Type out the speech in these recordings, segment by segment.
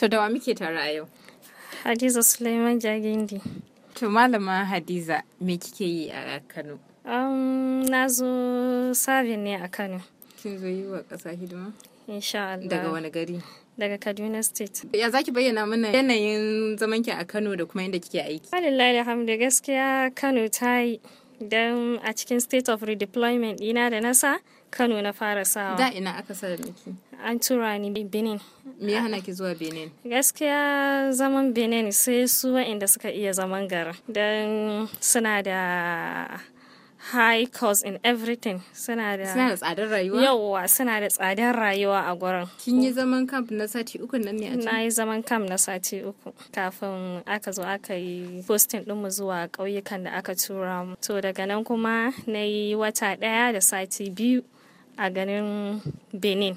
To da wa muke tare a yau? Hadiza Suleiman Jagindi. To malama Hadiza me kike yi a Kano? Um, na zo sabin ne a Kano. Kin zo yi wa ƙasa hidima? Insha Allah. Daga wani gari? Daga Kaduna State. Ya za ki bayyana mana yanayin zamanki a Kano da kuma inda kike aiki? Alhamdulillah alhamdu gaskiya Kano ta yi. Don a cikin state of redeployment ɗina da nasa Kano na fara sawa. Da ina aka sa miki? An tura ni Benin. me ya hana ki zuwa benin gaskiya zaman benin sai su inda suka iya zaman garin don suna da high cost in everything suna da tsadar rayuwa yawwa suna da tsadar rayuwa a gurin kin yi zaman camp na sati uku nan ne a can na yi zaman camp na sati uku kafin aka zo aka yi posting ɗinmu zuwa ƙauyukan da aka tura mu to daga nan kuma na yi wata ɗaya da sati biyu a ganin benin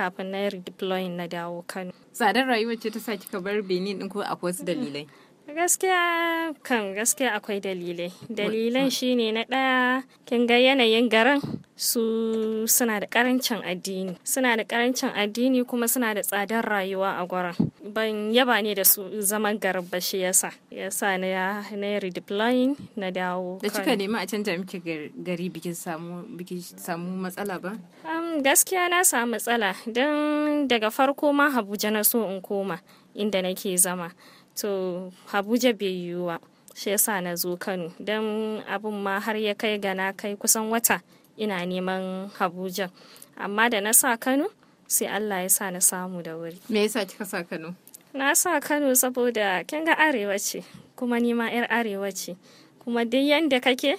kafin na redeploying na dawo Kano. Tsadar rayuwar ce ta sa kika bar Benin ɗin ko akwai wasu dalilai? Gaskiya kan gaskiya akwai dalilai. Dalilan hmm. shine na ɗaya kin ga yanayin garin su suna da karancin addini. Suna da karancin addini kuma suna da tsadar rayuwa a gurin. Ban yaba ne da su zaman garin ba shi yasa. Yasa na ya na redeploying na dawo. Da kika nema a canja miki gari bikin samu bikin samu matsala ba? gaskiya na samu matsala don daga farko ma Abuja na so in koma inda nake zama. to Abuja bai yiwuwa ba shi yasa na zo Kano don abun ma har ya kai ga na kai kusan wata ina neman Abuja amma da na sa Kano sai Allah ya sa na samu da wuri me yasa kika sa Kano na sa Kano saboda kin ga arewa ce kuma nima yar arewa ce kuma duk yanda kake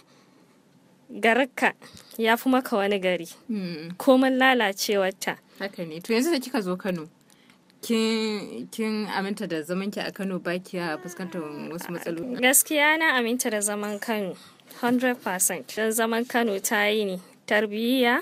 garinka ya fi maka wani gari hmm. komin lalacewarta haka ne to yanzu da kika zo Kano kin aminta da zaman ki a Kano ba a fuskantar wasu matsaloli gaskiya na aminta da zaman Kano 100% don zaman Kano ta yi ne tarbiyya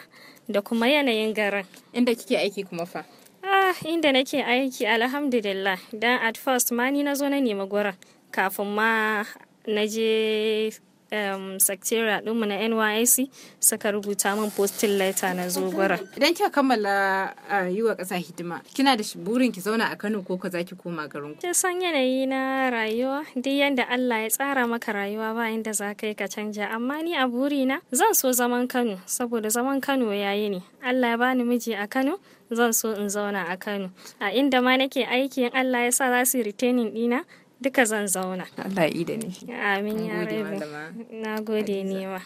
da kuma yanayin garin inda kike aiki kuma fa ah inda nake aiki alhamdulillah dan at first ma ni na zo na nemi gurin kafin ma na je um, secretariat ɗinmu na NYSC suka rubuta min postin laita na zogara Idan kika kammala yi wa ƙasa hidima, kina da burin ki zauna a Kano ko ka za ki koma garin ku? san yanayi na rayuwa, duk yanda Allah ya tsara maka rayuwa ba inda za ka yi ka canja, amma ni a burina zan so zaman Kano saboda zaman Kano yayi ne. Allah ya bani miji a Kano, zan so in zauna a Kano. A inda ma nake aiki in Allah ya sa za su yi retaining dina. duka zan zauna. Allah yi da ni. Amin ya rabu. Na gode ni ma.